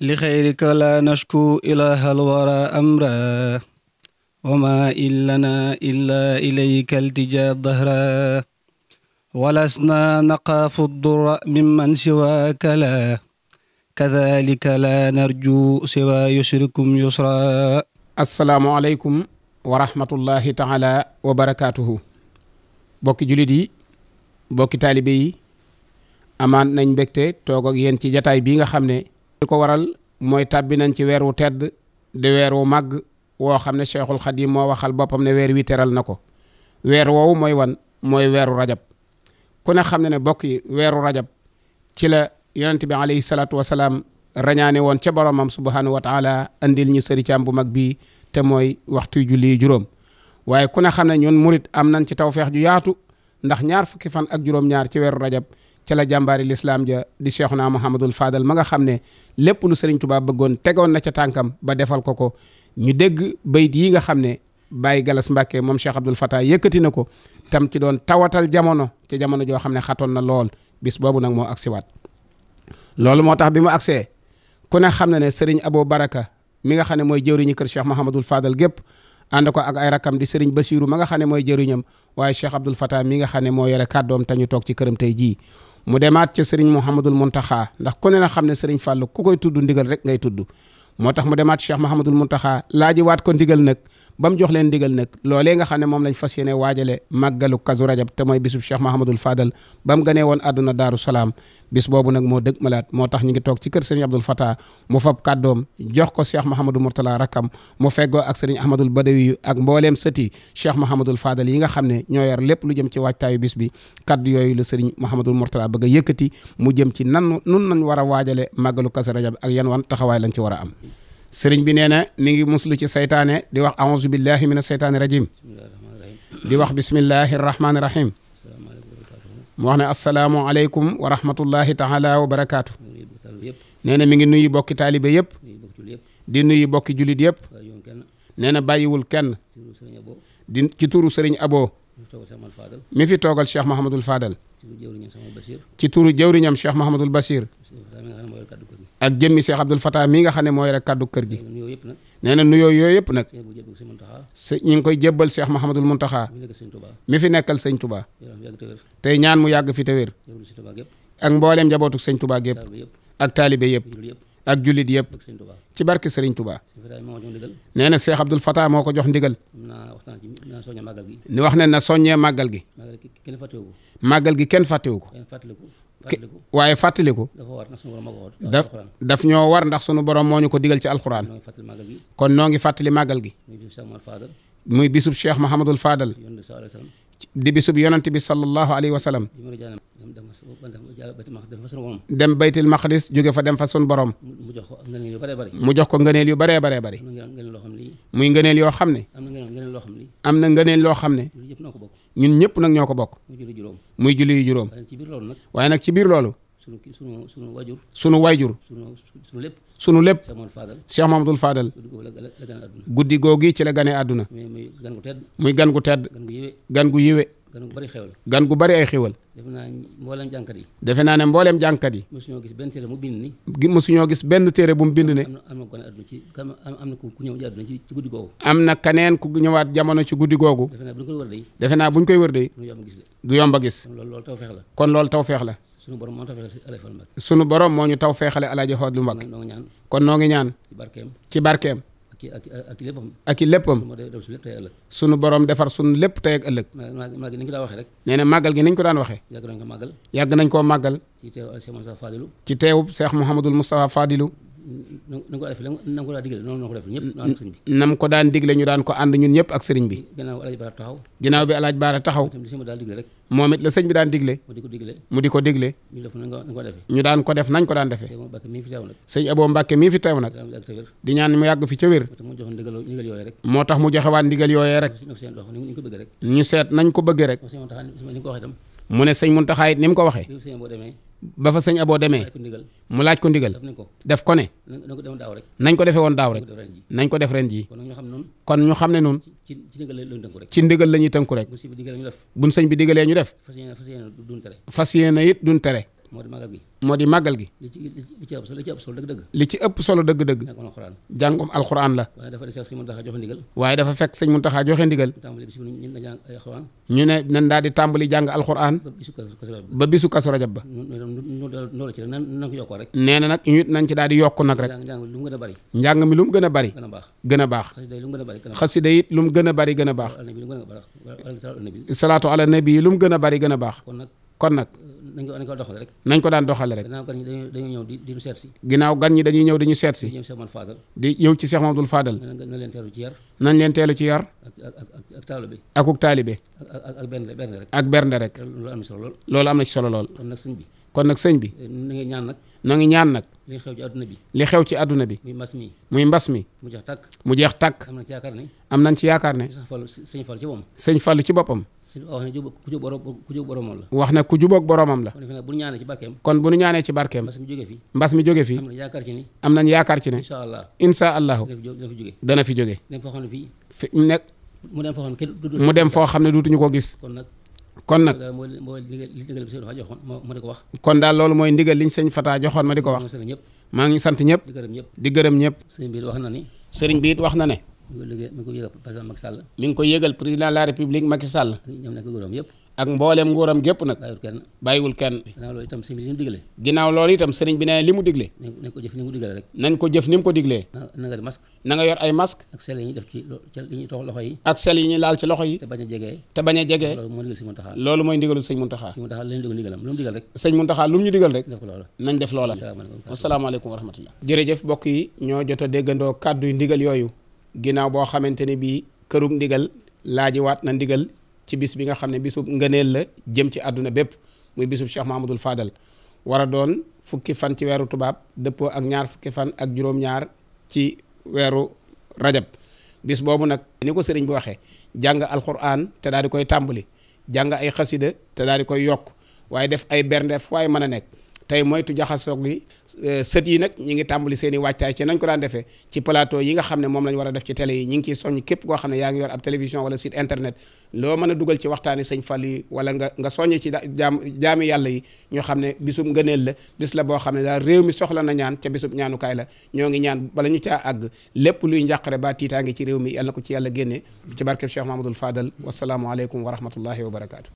لخيرك لا نشكو إله الورى أمرا وما إلنا إلا إليك التجا الظهرا ولسنا نقاف الضر ممن سواك لا كذلك لا نرجو سوى يسركم يسرا السلام عليكم ورحمة الله تعالى وبركاته bokki jullit yi bokki taalibe yi amaan nañ mbégte toog ak yéen ci jataay bii nga xam ne li ko waral mooy tàbbi nañ ci weer wu tedd di weer wu màgg woo xam ne cheikhul xadim moo waxal boppam ne weer wi teral na ko weer woowu mooy wan mooy weeru rajab ku ne xam ne ne bokk yi weeru rajab ci la yonent bi alayhi salaatu wasalaam rañaane woon ca boromam subhanahu wa taala andil ñu sëri caam bu mag bii te mooy waxtu julli juróom waaye ku xam ne ñun murit am nañ ci tawfeex ju yaatu ndax ñaar fukki fan ak juróom-ñaar ci weeru rajab ca la jàmbaari lislaam ja di Cheikhna Mouhamadul Fadal ma nga xam ne lépp lu Serigne Touba bëggoon tegoon na ca tànkam ba defal ko ko ñu dégg bayit yi nga xam ne bàyyi Galas Mbàkke moom Cheikh Abdoul Fatah yëkkati na ko tam ci doon tawatal jamono ca jamono joo xam ne xatoon na lool bis boobu nag moo agsiwaat loolu moo tax bi mu agsee ku ne xam na ne Serigne Abo Baraka mi nga xam ne mooy jëwriñu kër Cheikh Mouhamadul Fadal gépp ànd ko ak ay rakkam di sëriñ Basiiru ma nga xam ne mooy jëriñam waaye Cheikh Abdoul Fatah mi nga xam ne moo yore kàddoom te toog ci këram tey jii mu demaat ca sëriñ Mouhamadul taxaa ndax ku ne na xam ne sëriñ Fàllu ku koy tudd ndigal rek ngay tudd moo tax mu demaat Cheikh Mahamadul Muntaxa laaji waat ko ndigal nag ba mu jox leen ndigal nag loolee nga xam ne moom lañ fas yéene waajale màggalu kazu rajab te mooy bisub Cheikh Mahamadul Fadal ba mu ganee woon àdduna daaru salaam bis boobu nag moo dëgg malaat moo tax ñu ngi toog ci kër sëriñ Abdul Fatah mu fab kàddoom jox ko Cheikh Mahamadul Murtala rakkam mu feggoo ak sëriñ Ahmadul Badawi ak mbooleem sëti Cheikh Mahamadul Fadal yi nga xam ne ñoo lépp lu jëm ci waajtaayu bis bi kaddu yooyu la sëriñ Mahamadul Murtala bëgg yëkkati mu jëm ci nan nun nañ war waajale màggalu kazu rajab ak yan wan taxawaay lañ ci war a am sëriñ bi nee na mi ngi muslu ci seytaane di wax auzu billahi mina seytaane rajim di wax bismillahi rahmaani rahim mu wax ne asalaamualeykum wa rahmatullahi taala wa barakaatu nee mi ngi nuyu bokki taalibe yëpp di nuyu bokki julit yëpp nee bàyyiwul kenn di ci turu sëriñ Abo mi fi toogal Cheikh Mahamadul Fadal ci turu jëwriñam Cheikh Mahamadul Basir ak jëmmi Cheikh Abdoul Fatah mii nga xam ne mooy rek kàddu kër gi nee na nuyoo yooyu yëpp nag ñu ngi koy jébbal Cheikh Mouhamadul Mountakha mi fi nekkal sëñ Touba tey ñaan mu yàgg fi te wér ak mbooleem njabootu sëñ tubaa gépp ak taalibe yëpp ak jullit yëpp ci barke Serigne Touba nee na Cheikh Abdoul Fatah moo ko jox ndigal ni wax ne na soññee màggal gi màggal gi kenn fàttewu ko waaye fàttaliku daf daf ñoo war ndax sunu borom moo ñu ko digal ci alxuraan kon noo ngi fàttali màggal gi muy bisub cheikh mahamadul fadal di bisub yonent bi sallallahu alayhi wa sallam dem baytil maqdis jóge fa dem fa sun borom mu jox ko ngëneel yu bëree bëree bëri muy ngëneel yoo xam ne am na ngeneen loo xam ne ñun ñëpp nag ñoo ko bokk muy julli yu juróom waaye nag ci biir loolu sunu sunu sunu wayjur sunu wayjur sunu lépp sunu lépp Cheikh Mamadou Fadal guddi googu ci la ganee àdduna muy gan gu tedd muy gan gu tedd gan gu yiwe gan gu bari xewal gan gu bari ay xewal defe naa mbooleem jànkat yi defe naa ne mbooleem jànkat yi mosuñoo gis benn téere mu bind ni mosuñoo gis benn téere bu mu bind ne am na gone àdduna ci am na ku ci guddi googu am na kaneen ku ñëwaat jamono ci guddi googu defe naa bu ñu koy war day defe naa bu ñu koy wër day du yomb a gis loolu taw feex la kon loolu taw feex la sunu borom moo ñu taw feexale sunu a moo ñu taw feexale alaaji Fadlu kon noo ngi ñaan ci barkeem ci barkeem ak ak léppam. ak i léppam. sunu borom defar sunu lépp tey ëllëg. màggal màggal gi ni ko daan waxee. yàgg nañ ko màggal. yàgg nañ koo màggal. ci teewu Cheikh Moustapha Fadilou. ci na ko daan def na ko ñëpp ñu ànd ak sëriñ bi. nam ko daan digle ñu daan ko ànd ñun ñëpp ak sëriñ bi. ginnaaw alaaj baara taxaw. ginnaaw bi alaaj baara taxaw. moom it la sëñ bi daan digle. mu di ko digle. ñu daan ko def nañ ko daan defee. sëñ Abo Mbàkke mii fi teew nag. di ñaan mu yàgg fi ca moo tax mu joxe waat ndigal rek. ñu seet nañ ko bëggee rek. mu ne sëñ Muntaxa it ni mu ko waxee. ba fa sëñ aboo demee mu laaj ko ndigal def ko ne nañ ko defee woon daaw rek nañ ko def ren jii kon ñu xam ne noonu ci ndigal la ñuy tënku rek buñ sëñ bi digalee ñu def fas yéene it duñ tere moo di màggal gi moo li ci ëpp solo dëgg-dëgg li ci alxuraan la waaye dafa fekk sëñ Muntaxa joxe ndigal waaye dafa fekk sëñ joxe ndigal ñu ne nan daal di tàmbali jàng alxuraan ba bisu kasu ba nee nag ñu nañ ci daal di yokk nag rek njàng mi lu mu gën a bari gën a baax xasida it lu mu gën a bari gën a baax salaatu ala nabi yi lu mu gën a bari gën a baax kon nag euh, nañ ko nañ ko doxale ko daan doxale rek ginnaaw gan ñi dañuy ñëw di di ñu seet si ginnaaw gan ñi dañuy ñëw di ñu seet si di ñëw ci Cheikh Mamadou Fadal nañ leen teelu ci yar nañ leen teelu ci yar ak taalibe akuk taalibe ak bernde rek ak bernde rek loolu am na ci solo lool loolu am na ci solo lool kon nag sëñ bi kon nag sëñ bi. Eh, na ñaan nag. ngi ñaan nag. li xew ci àdduna bi. li xew ci bi. muy mbas mi. muy mbas mi. mu jeex tàkk. mu jeex tàkk. am nañ ci yaakaar ne. am yaakaar ne. sëñ Fall ci boppam. sëñ Fall ci boppam. wax ne ku jub ku jub boromam la. wax ne ku juboog boromam la. kon bu ñu ñaanee ci barkeem. kon bu ñu mbas mi jóge fi. am nañ yaakaar ci ne. incha allahu. dana fi jóge fi xam ne fii. nekk. mu dem foo xam ne duutuñu ko gis. kon nag kon nag mooy ndigal bi sëñ Fataa joxoon ma di ko wax. kon daal loolu mooy ndigal liñ sëñ Fataa joxoon ma di ko wax. maa ngi sant ñëpp. di gërëm ñëpp di gërëm ñëpp. sëriñ bi wax na ni. sëriñ bi wax na ne. mi ngi ko yëgal président Macky Sall. mi ngi ko yëgal président la république Macky Sall. ñoom nekk yëpp. ak mboolem nguuram gépp nag bàyyiwul kenn bàyyiwul kenn ginnaaw loolu itam bi li mu li mu digle nañ ko jëf ni mu digle rek na nga yor ay masque ak sel yi ñuy laal ci loxo yi te bañ a loolu mooy ndigalul sëñ Muntaxa sëñ lu mu ñu digal rek nañ def loola asalaamaaleykum wa rahmatullah jërëjëf mbokk yi ñoo jot déggandoo kàddu ndigal yooyu ginnaaw boo xamante bii kërug ndigal laaji waat na ndigal ci bis bi nga xam ne bisub ngëneel la jëm ci àdduna bépp muy bisub Cheikh Mahamadul faadal war a doon fukki fan ci weeru tubaab dëppoo ak ñaar fukki fan ak juróom-ñaar ci weeru rajab bis boobu nag ni ko sëriñ bi waxee jàng alquran te daal di koy tàmbali jàng ay xasida te daal di koy yokk waaye def ay berndeef waaye mën a nekk tey moytu jaxasoog yi euh, sët yi nag ñi ngi tàmbali seen i waajtaay ci nañ ko daan defee ci plateau yi nga xam ne moom lañ war a def ci télé yi ñi ngi ciy soññ képp koo xam ne yaa ngi yor ab télévision wala site internet loo mën a dugal ci waxtaani sëñ Fall yi wala nga nga soññ ci jaam jaami yàlla yi ñoo xam ne bisub ngëneel la bis la boo xam ne daal réew mi soxla na ñaan ca bisub ñaanukaay la ñoo ngi ñaan bala ñu caa àgg lépp luy njàqare ba tiitaange ci réew mi yàlla ko ci yàlla génne ci barkeb Cheikh Mamadou Fadal wasalaamualeykum wa rahmatullahi wa barakaatu